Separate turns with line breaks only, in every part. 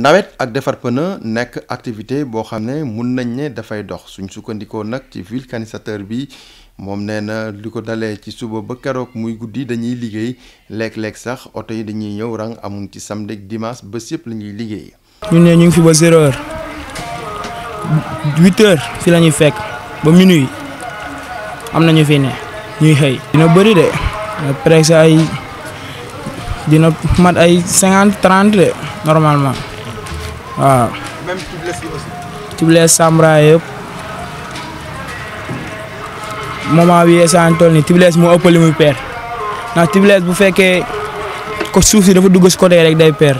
nawet ak defar pneu nek activité bo xamné mën nañ né da fay dox suñ sukkandiko nak ci vulcanisateur bi mom néna liko dalé ci suba ba keroog muy guddii dañuy liggéey léeg-léeg sax auto yi dañuy ñëw rang amuñ ci samedi ak dimanche ba yëpp la ñuy liggéey.
ñu né ñu ngi fi ba 0h 8h fi lañuy fekk ba minuit am na ñu fi né ñuy xey dina bëri de presque ay dina mat ay 50 30 de normalement. waaw.
même Tubles yi aussi.
Tubles Sambra yëpp moment bi Tubles moo ëpp li muy peer ndax Tubles bu fekkee ko suuf si dafa dugg si côté rek day peer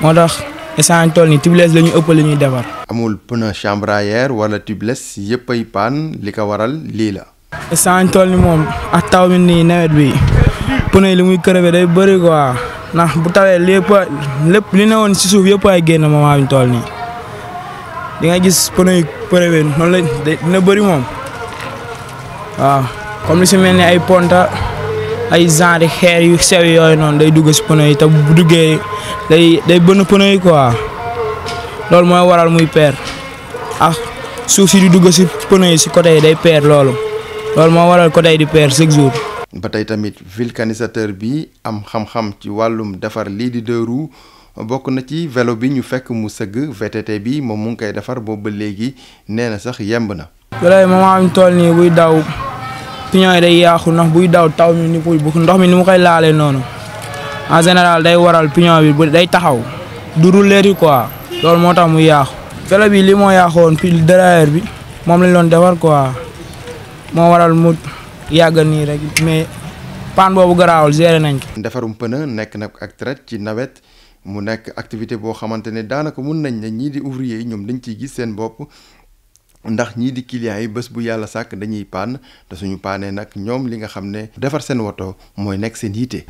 moo tax instant toll nii Tubles la ñu ëpp li ñuy defar.
amul pneu chambrayère wala Tubles yëpp ay paan li ko waral lii la.
instant moom ak taw mi bi pneu li muy crevé day bëri quoi. ndax bu tawee lépp lépp li ne woon si suuf yëpp ay génn moment bi ñu nii di nga gis pneu yu prévu noonu la dina bëri moom waaw comme li si ni ay ponta ay genre xeer yu sew yooyu noonu day dugg si pneu yi te bu duggee day day bënn pneu yi quoi loolu mooy waral muy peer a ah, suuf si di dugg si pneu yi si côté day peer loolu loolu moo waral côté yi di peer chaque jour.
ba tey tamit vilcanisateur bi am xam-xam ci wàllum defar lii di deux bokk na ci velo bi ñu fekk mu sëgg VTT bi moom mu ngi koy defar boobu ba léegi nee na sax yemb na.
yooyu moom am tool nii buy daw piñon yi day yaaxu na buy daw taw mi ni ndox mi ni mu koy laalee noonu en général day waral piñon bi day taxaw du rouleeti quoi loolu moo tax mu yaaxu. velo bi li moo yaaxoon pile bi moom lañ doon defar quoi moo waral mu. yàggal nii rek mais paan boobu
garaawul géré nañ ko. defarum pneu nekk nag ak traite ci nawet mu nekk activité boo xamante ne daanaka mun nañ ne ñii di ouvrier yi ñoom dañ ciy gis seen bopp ndax ñii di clients yi bés bu yàlla sàkk dañuy paan te suñu paanee nag ñoom li nga xam ne defar seen woto mooy nekk seen yiite